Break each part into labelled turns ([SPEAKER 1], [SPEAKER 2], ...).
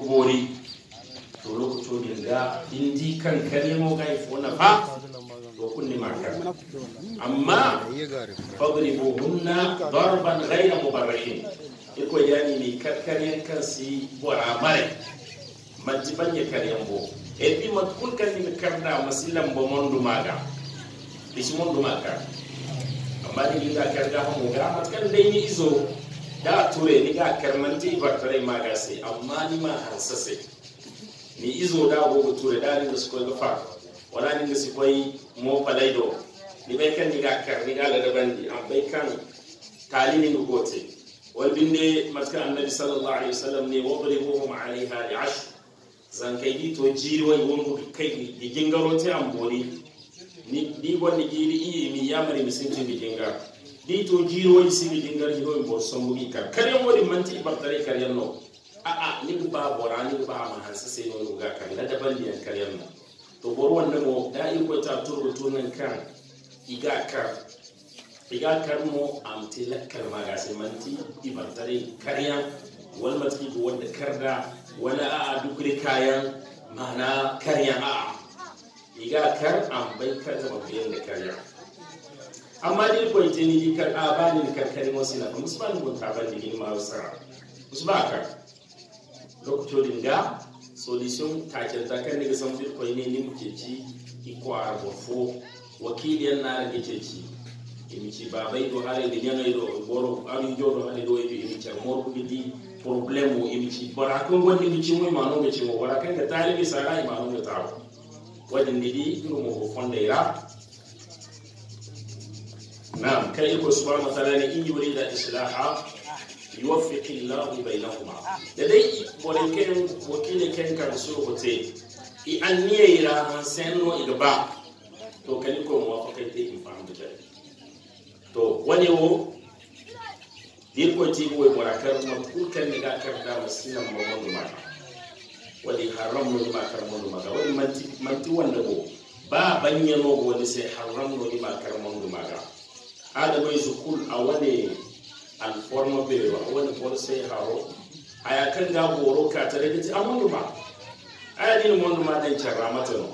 [SPEAKER 1] gori to lokacin dinga in ji kan ka nemo ga yi fona fa to kunni maka amma fadribu hunna darban ghayra mubarrahin iko yani ni karkaryan kan si bora mare majji banye karyan bo e bi matkul kan ni karna masilan bo mondu maga isi mondu maga amma ni da karda hamu ga matkan dai ni izo da ture ni ga karmanti bartare ma ga sai amma ni ma har sai ni izo da go ture da ni su koy fa wala ni su kai mo do. ni bai kan ni ga kar ni ga da bandi am bai kan talini ni gote wal binne maska annabi sallallahu alaihi wasallam ne ma alaiha li Ash? zan kai ni to jiri wai wongo kai ni gingaro te am boni ni ni wonni giri yi mi yamari mi sinti mi gingaro di to jiro wani sibi dingar jiro yi bosan wuri ka karyan wani manti bartare karyan no a a ni ba bora ni ba ma hansa sai no ruga ka na daban ne karyan no to bor wannan mo da yi ko ta turu tunan kan iga ka iga kar mo am te lakkar ma ga sai manti ibartare karyan wal matki ko wanda karda wala a a dukure kayan mana karyan a iga kar am bai kar da mabiyan da karyan amma ko ita di kar a ni kar kalimo sila ko musban go tabandi ni ma musu ba ka din ga solution ta ce ta kan zakan ga san dil ne ni muke ci ikwar go fo wakiliyan na rage ce ci ba bai do hare da yi do goro ari jo do hare do ibi imici mor bidi problemu imici kun wani ci mu no ga ci mu barakan da talibi sarai no ta tawo wadin didi iru mu ko fonda ira نعم كان يقول سبحانه وتعالى إني أريد إصلاحا يوفق الله بينهما لدي ولكن وكيل كان كان سوبتي إني إلى أنسان وإلبا تو كان يقول موافقتي إفهم بذلك to wani wo dir ko ti wo mora kar ma ku kan ni ga kar da masina mo mo ma wali haram mo ma kar mo ma wali manti manti wanda bo ba banye no wani sai haram mo ma kar mo ma ga adamai zukul a wani alforma bewa wani bolsai haro a yakan ga goro ka tare da a wani a yi ni wani da dan can ramata no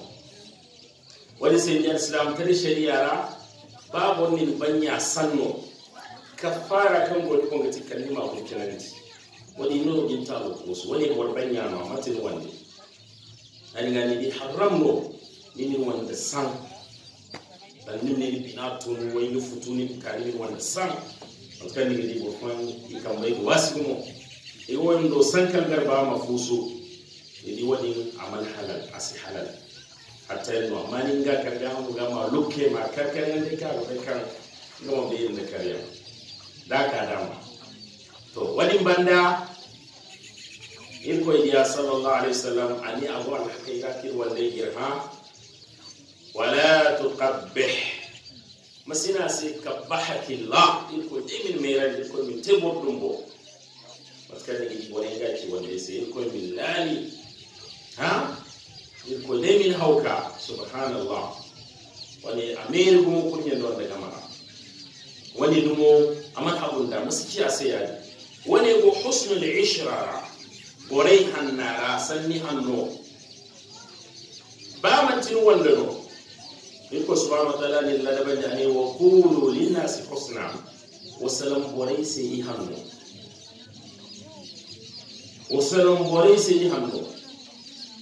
[SPEAKER 1] wani sai yan islam tare shari'a ra babu wani banya sanno ka fara kan gori kon ga tikkalni ma kun kira gati wani no nuna ta ko su wani gori banya ma matin wani an gani di haramno ni ni wanda san nannin ne ni bina tun wai ni futu ni bikari ni wani san alkan ni ni i kan bai go wasu mo e wani do san kan garba ma fuso e di wani a ma halal a asi halal hatta yin ma mani ga kan ga mu ga ma lukke ma kan kan ne ka ga kan ga mu bai ne kariya da ka ma to wani banda in ko idiya sallallahu alaihi wasallam ani abu al-haqiqa kin wanda yirha wala tuqabbih masina se kabbahaki la il ko imin meran il ko min tebor dum bo parce que ni wona ngati wonde se il ko min lani ha il ko de min hawka subhanallah wani amir gumo kunya don daga mara wani dumo aman abun da musiki a sai yadi wani go husnul ishrara gorai hannara sanni hanno ba mantin wanda no irko subhanahu wa ta'ala ni ladaba jani wa qulu lin nasi husna wasalam borai se yi hanno wasalam borai se yi hanno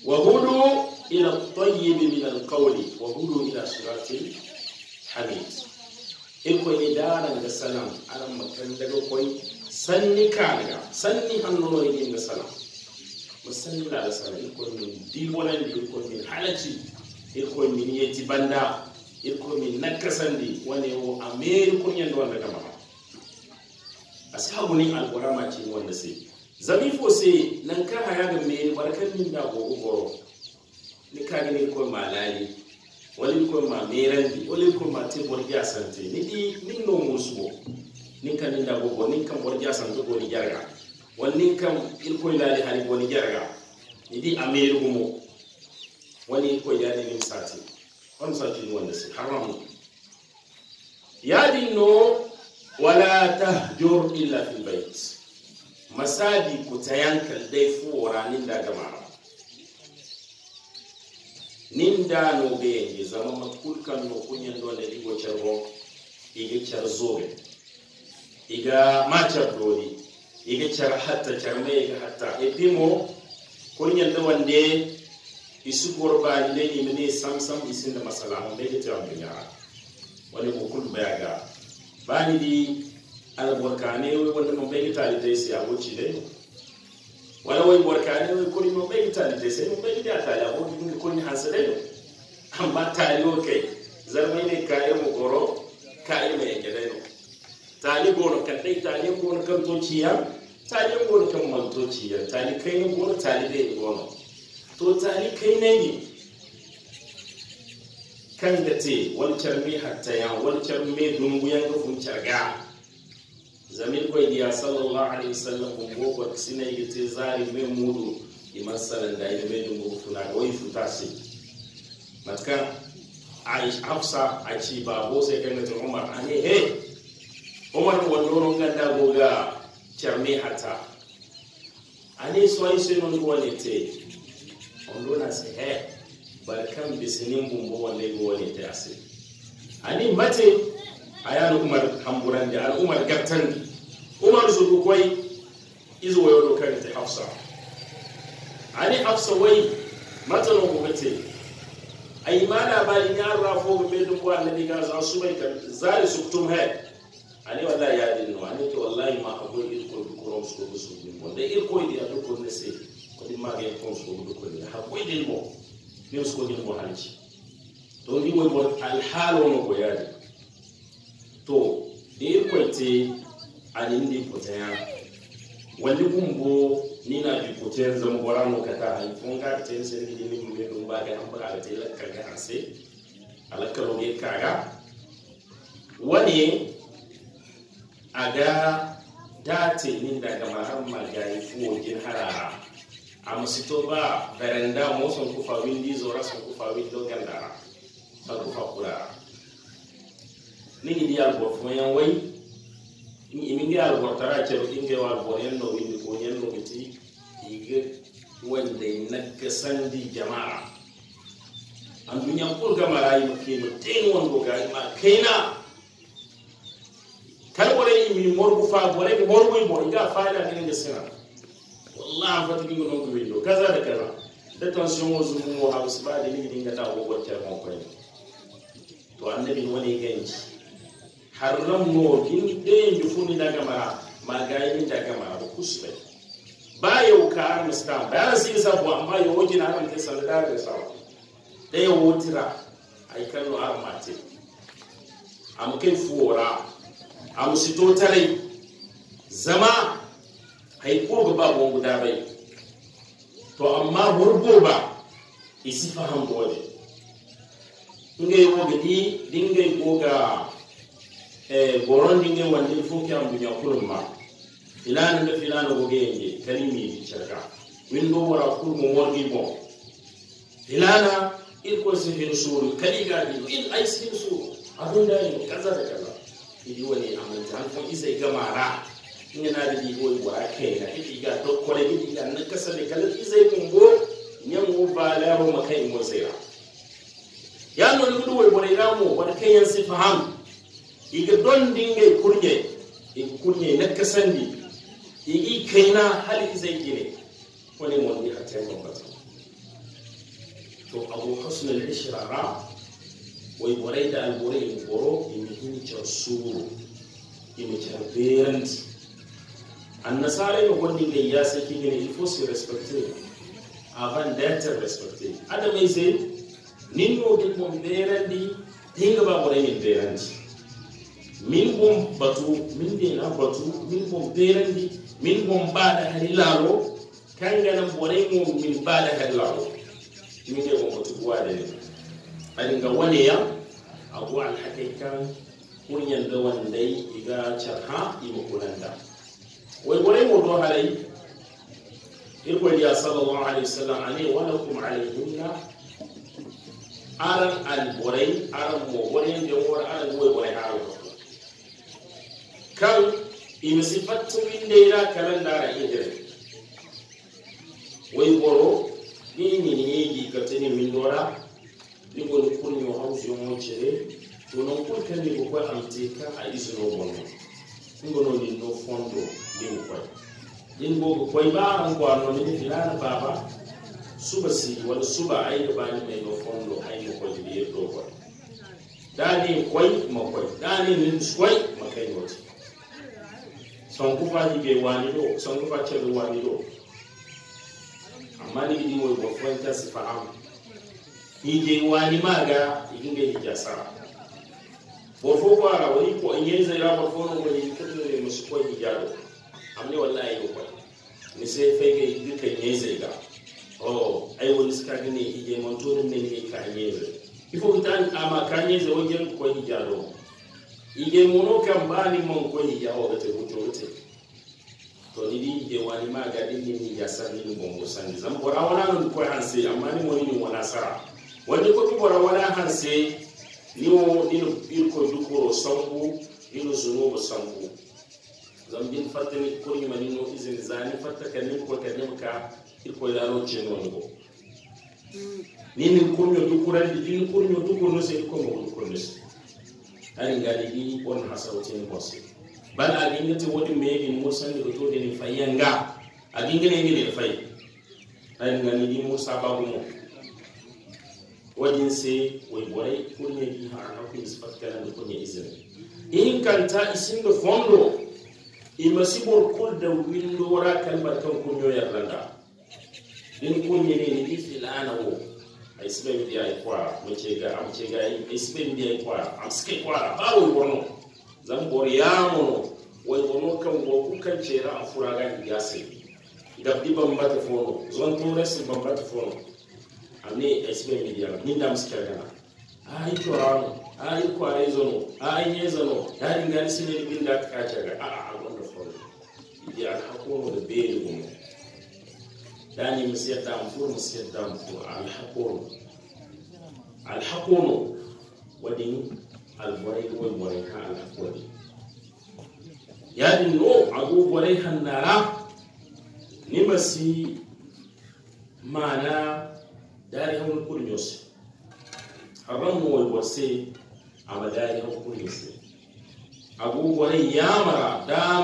[SPEAKER 1] wa hudu ila at-tayyib min al-qawli wa hudu ila siratil hamid irko ni daran da salam aran makan daga koi sanni kaga sanni hanno no yin da salam musallim da salam irko ni di wala ni irko ni halaci irko min yetti banda irko min nakkasandi wani o a meeri kurñande wonde kama ha asabu ni alqurama tin wonde sey zami fo sey nan ka hayaga meeri bara kan min da gogo goro ni kagani irko ma laali wani irko ma meerandi wani irko ma tebol jasante ni ɗi nin no musuwo nin da ninda gogo nin kam bor jasante goni jarga wala nin kam irkoy laali hari goni jarga ni ɗi a meeri gumo wani ko yadi nim sati wani sati wanda su haram yadi no wala tahjur illa fil bait masadi ku yanka dai fuwara nin da gama nin da no be yange zama matkulkan no kunyan do da igo charwo iga char zobe iga machar dori iga char hatta char mai iga hatta ebimo kunyan da wande isu gorba ne ne mene sam sam isin da masala mun dai ta mun ya wani ko kullu baya ga ni di al ne wai wanda mun bai ta da sai ya wuce dai wala wai borkane wai kuri mun bai ta da sai mun bai ta da ko din ko ni hasa dai ta taliyo kai zarmai ne kai mu goro kai mai yake dai tali goro kan dai tali goro kan tociya tali goro kan mantociya tali kai goro tali dai goro to tsari kai na ne kan da te wancan mai hatta ya walcar mai dunguyan ga huncar ga zamin kwai diya sallallahu alaihi wasallam kun gogo yi ce zari mai mudu imasalan da yi mai dungu kuna da wai futa sai yi hafsa a ci ba ko sai kan da umar ne he umar wurin ganda goga charmi hatta A ne so yi sai nuna ko ne te ondona se he barkan bisinin bumbo wallahi go wone te ase ani mate ayano umar hamburan da umar gartan umar zugu koy izo wayo kan ta hafsa ani hafsa wai mata no go ma labari ni an rafo ga be dum ko annabi ga za su bai su kutum he ani wallahi ya A ani to wallahi ma abul ilko ko rom su go su ni mo de ilko idi adu ko sai kadi maage kon soodu koye ha koydel mo nden soodel mo halci to ndi woy mon alhaalono goyaade to de koyte anindi potaya wandi kum bo nina di poten zama gorano kata hay fonga ten sen di ni mbe dum ba ga am ba te la kaga ase ala kalo ge kaga wani aga date ninda ga mahamma ga yi fuwo gin harara am sitoba berenda mo son windi zora son kufa fa windo gandara son kufa fa kula ni ni bo fo yan way ni mi dial bo tara ro inge wal bo yan no windi ko yan no biti ige wande nak sandi jamaa an dunya kul gamara yi ke no ten won go ga ma kaina kar yi mi mor bu fa wore mi morgu mi morgu ga fa da ni ngesina la fati dingo non ko windo kaza da kaza da tension wo zumu wo ha su ba da ni dinga ta ko gotter mo ko to annabi wani ganci harram mo kin den ju funi daga mara magayi ni daga mara ko kusbe ba yau ka ar mustan ba si sa bo amma yo wajin aran ke salda da sa da yo wotira ai kallo ar mate am kai fuora am sito tare zama hay ko ga ba gongo da bai to amma burgo ba isi faham bode ngay yi ga di dinga yi ga e eh, boron dingay wandi fo kya bunya kurma ilanin da filana goge ga yenge kalimi charka min windo wara kurun wargi bo ilana il ko se hin suru kaliga di il ai sin suru abun da kaza da kaza idi wani amanta an fa gama ra ngena de di hoy wa ke na ki ga to kore ni ga na kasa da kala izai mun bo nyam wo ba la in makai mo ra. ya no lu wo bore na mo wa kai yan si faham iga don dinge kurje in kunye na kasandi igi kai na hal izai gine wani mo ni a tayin ba to abu husn al ishrara wai bore da al bore in boro in hin suru, in charberant annasara yi wani ne ya sai kin gane il faut se respecter avant d'être respecté ada mai sai nin ke din mo berandi hinga ba mo min berandi min bom batu min de na batu min bom di min bom bada halilaro kangana bore mo min bada halilaro min de bom batu wa ne ani ga wani ya abu al hakikan kunyan da wanda iga charha imakulanda ويقول أي موضوع علي يقول يا صلى الله عليه وسلم عليه ولكم عليهن aran alborai aran mogorin da war aran goyi borai aran kan imisifattu inda ina kalan dara injira wai goro ni ni ni yi katini min dora ni gon kunyo hausi yon chere to non kun kan ko amte ka hadisi no no ngono no fondo liŋ koy liŋ bogo koy baaran ko anno niŋ filana baba suba si wala suba ayno baani may no fondo ayno koy mbiye do koy daani koy ma koy daani niŋ koy ma kay ngoti sonku faji be wani do sonku fa cebe wani do amma ni gidi moy bo fonta sifa am ni de wani maga iginga hijasara bofo bara woni ko nyeza ila ko fono ko ni kato ne musu ko ni jaro amne wallahi yo ko ni se fege duka nyeza ga oh ai woni ska gine ije mon to ne ne ka nyeza ifo kitan ama ka nyeza wo jero ko ni jaro ije mono kan bani mon ko ni jaro bete muto bete to ni di je wani ma ga din ni ya san ni bon bo san zam bora wala non ko hanse amma ni mo ni wala sara wani ko ki bora wala hanse nimu ninu birko jukuro sambu ninu zunubu sambu zambin fatta ne kuri mani no izin zani fata ka ni ko ka nimka irko wani jeno Ni nini kurnyo dukura nini kurnyo dukuro no sai ko An gani mo dukuro no ani ngadi gi on hasawti ni bosi wani agingati wodi meegi musa ni to de ni fayanga agingene ni de fay ani gani di musa babu mo wajinsi way boray kunye di harna ku nisbat kala ko nye izin in kan ta isin do fondo imasi bor kol da windo wara kalbar kan kunyo yarlanda din kunye ne ni filana wo ay sibay di ay kwa mu mo ga am ga ay sibay di ay kwa am ske kwa ba wo borno zan bor ya yamo way borno kan wo ku kan chera afura ga gase dabdi bambata fono zon to resi bambata fono ani esibe midiana ni ndam sikagana ai torano ai kware zono ai yezono ai ngari sile binda kachaga a a gondo fon idi al hakumu de belu gum dani musiyat dam fu musiyat dam fu al hakumu al hakumu wadin al borai wal borai ka al hakumi yadin no agu borai hannara ni masi mana daarihan kuri yose haramu wa wase ama daarihan kuri yose agogo ne yamara da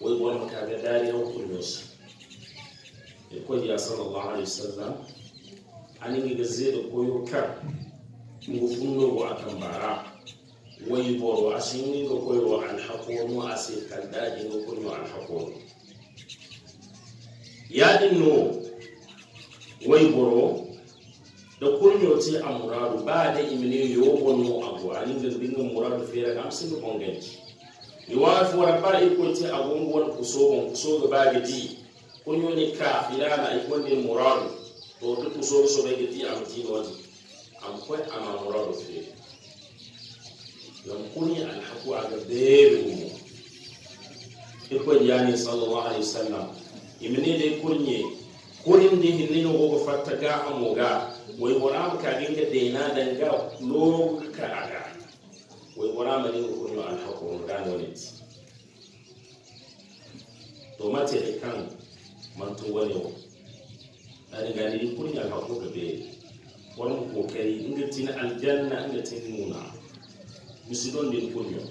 [SPEAKER 1] wai wani mutane dari kuri yose ikon ya sallallahu alaihi wasallam an yi ga zai da koyo mu ngufun nogo akan bara wai boro a sun yi ga koyo wa alhakonu a sai kan daji ga koyo alhakonu ya dinnu waiboro da kurnyo te a muradu ba da imini yobono abu alin da dingin muradu fera ga amsin da bonganci ni wa fi wara bara iko te a gungun kusobon kuso ga ba ga di kurnyo ne ka fira na iko ne muradu to duk kuso so ba ga di a mutin wani an kwai a ma muradu fera don kunyi alhaku a ga bebe mu iko yani sallallahu alaihi wasallam imini dai kurnye kurim di hinino go fatta ga amoga way waram ka ginga deena danga lo ka aga way waram ni ko no al hakum dan wonit to mate e kan man to wani o da ga ni kun ya ko ga be wannan kokari inga tin aljanna inga tin nuna musidon din kunyo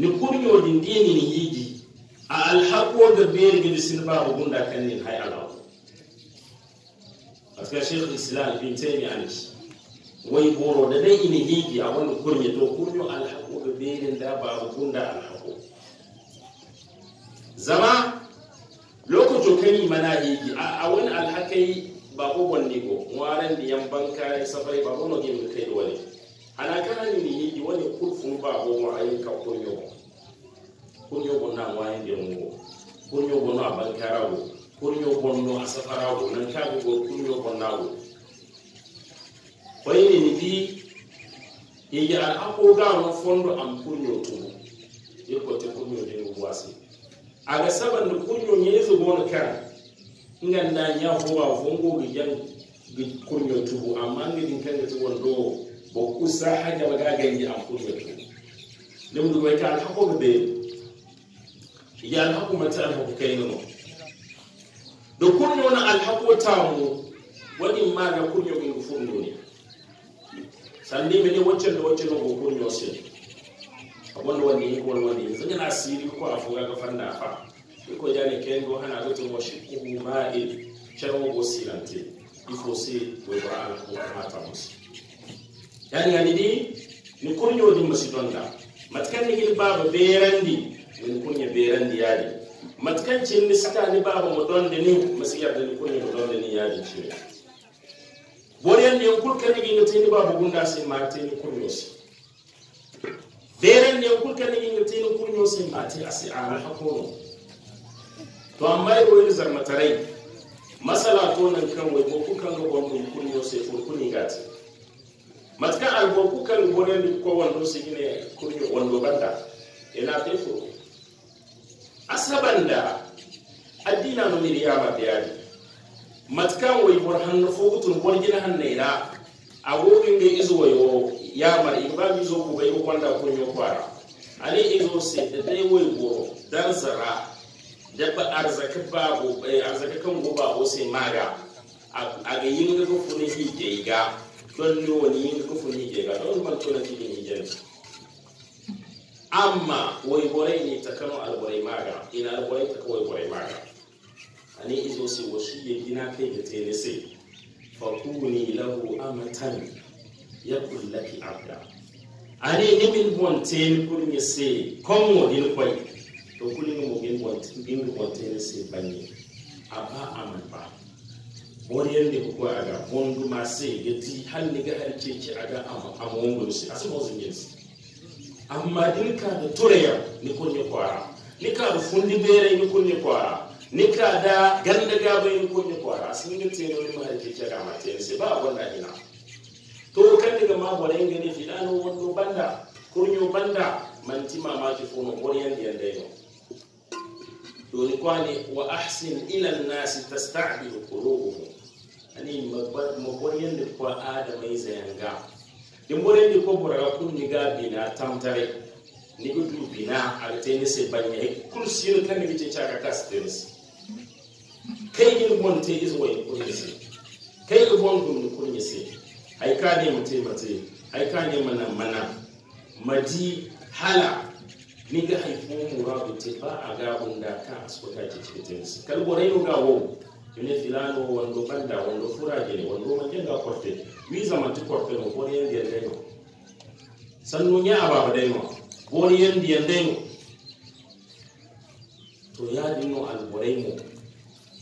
[SPEAKER 1] ni kunyo din dinin yiji al hakko ga be ga bisin ba gunda kan ni hay Allah aka sheikh islam bin taymi alish wai boro da dai ini higi a wani kurye to kuryo alhaqu be benin da ba gunda alhaqu zama lokacin kani mana higi a wani alhakai ba ko wanne ko waran da yan banka safari ba ko no game kai da wani ana kana ni higi wani kurfin ba ko mu ka kuryo kuryo ko na wayin da mu kuryo ko na bankara ko kunyo bondo a safarago nan ta go kunyo bonnago koyini ni di yeji ga mo fondo am kunyo ko te kunyo den wasi saban sabanno kunyo na gono ho wa fongo fongogo jan kunyo tubu amma din kan to won ɗo bo kusa ha ga ganji am kunyo tubu ɗum ɗum way ka al hakoɓe ɓe ko mata ko kai hako kaynono do kunno na tamu wani ma ga kunyo ngi fundo ne sandi me ne wacce do wacce no go kunyo se abon wani ko wani zan na siri ko afura ga fanda fa ko jani kengo hana go to washi ku ma'il chawo go silante ifo se we ba alhaqo mata musu yani yani di ni kunyo di masidonda matkan ni gil baba berandi ni kunya berandi yadi matkan ni ba mu don da ni masi yarda ni kunni don da ni ya yaadi ne boren kulka kul ginga no ba baba gunda sai ma teni kurñosi beren kulka kul ginga tini kunni kurñosi ma asai a ana hakkuno to amma e ɓoyni zarmataray masala to nan kan ga boku kunni gonɗum ko kunni ga ta matka al boku kan boren ko wando ne kunni wondo banda ina tafi da addina no miri ya matiyari matkan wai bor hanno fogutun bor jina a agogin ga izo wayo ya mar bi zo ku bai ko da kun yo kwara ali izo se da dai wai go dan zara da ba arzaka ba go eh, arzaka kan go ba go sai maga a ga yin ga ko funi hije ga don no wani yin ga ko funi hije ga don ban tona cikin hije amma gwarai ne ni takano alwarai maga ina ta kawai gwarai boray maga ne izo si wasiye gina kai da tene sai fa kuni lahu amatan yakul laki abda ani imin bonte ni kun ya sai kon wo din kwai to kulin mu yi. bon gin bon tene sai banye aba aman ba boriyar da kuka aga bondu ma sai ga hanniga a ga amma amon gurusi asimo zingin sai amma in ka da tureya ni kun kunye kwara ni ka da fundi bere ni kun kunye kwara ni ka da ganda gaba ni kunye kwara sun ni tene wani ma ke kira ma tene sai ba wannan ina to kan daga ma bore ngene fidano wando banda kun kunyo banda manti mamaki ko no bore yan yan yau to ni kwani wa ahsin ila an-nas tasta'bilu qulubuhum ani mabor yan da kwa adamai zayanga dimborendi ko ni kunniga bina tamtare nigo du bina artenise banya kursiyol kan nigi kai kastenisi kaygel bonte is way kurñese kaygel bon ɗum ni kurñese hay kanema temate hay ka na mana maji hala ni niga hay fo muraɓe te ba a gaɓunda ka askotaje cetenisi kala ni ga wow ne silano wando banda wonɗo furaje wonɗo mantenga korte wi ti korte no bori yen ndiyen ndeyno sannu ña ababa dayno boni yen to ya to al alboraymo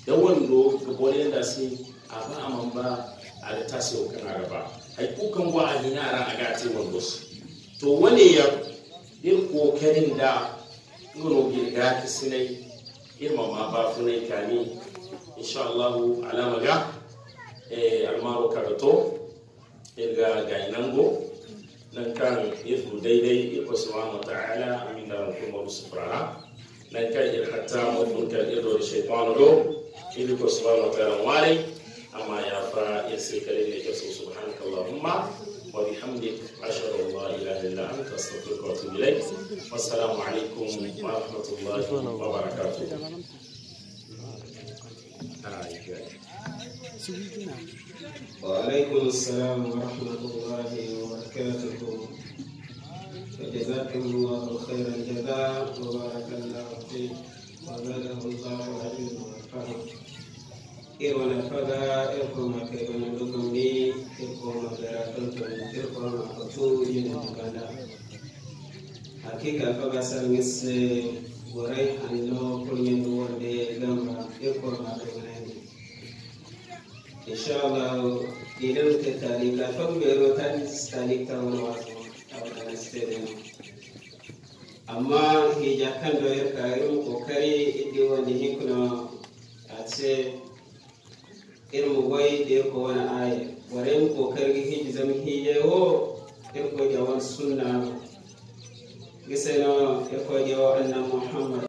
[SPEAKER 1] da wando ko boni yenda si aba aman ba aɗa tasiro kan ara ba hay kukan go a hinara wando su. to ya ir kokarin da ngono girgaki sinai ba bafunai kani ان شاء الله على مجا عمارو إيه، كاغتو يلغا غاينانغو نكان يفو ديدي يقول سبحانه وتعالى امين دار الحمى بسفرها نكان حتى مفر كان يدور الشيطان له يلقى سبحانه وتعالى مواري اما يا فا يسيك لين سبحانك اللهم وبحمدك اشهد ان لا اله الا انت استغفرك واتوب اليك والسلام عليكم ورحمه الله وبركاته وعليكم السلام ورحمة الله وبركاته فجزاكم الله خير الجزاء وبارك الله فيك وزاده الله علما وفهم إيوانا نفذا إيوانا كيوانا لكم لي إيوانا دراتلكم إيوانا قطوج نتبدا حقيقة فبسا مس وريحا لو كل يوم ولي لما إيوانا أبدا inshallah idan ka ta wani wasu a amma hija kan do yar kayo kokari idi wani hikuna a ce irin wai da ko wani aya warin kokari hiji zama hije wo irko da wani sunna gisa na irko annan muhammad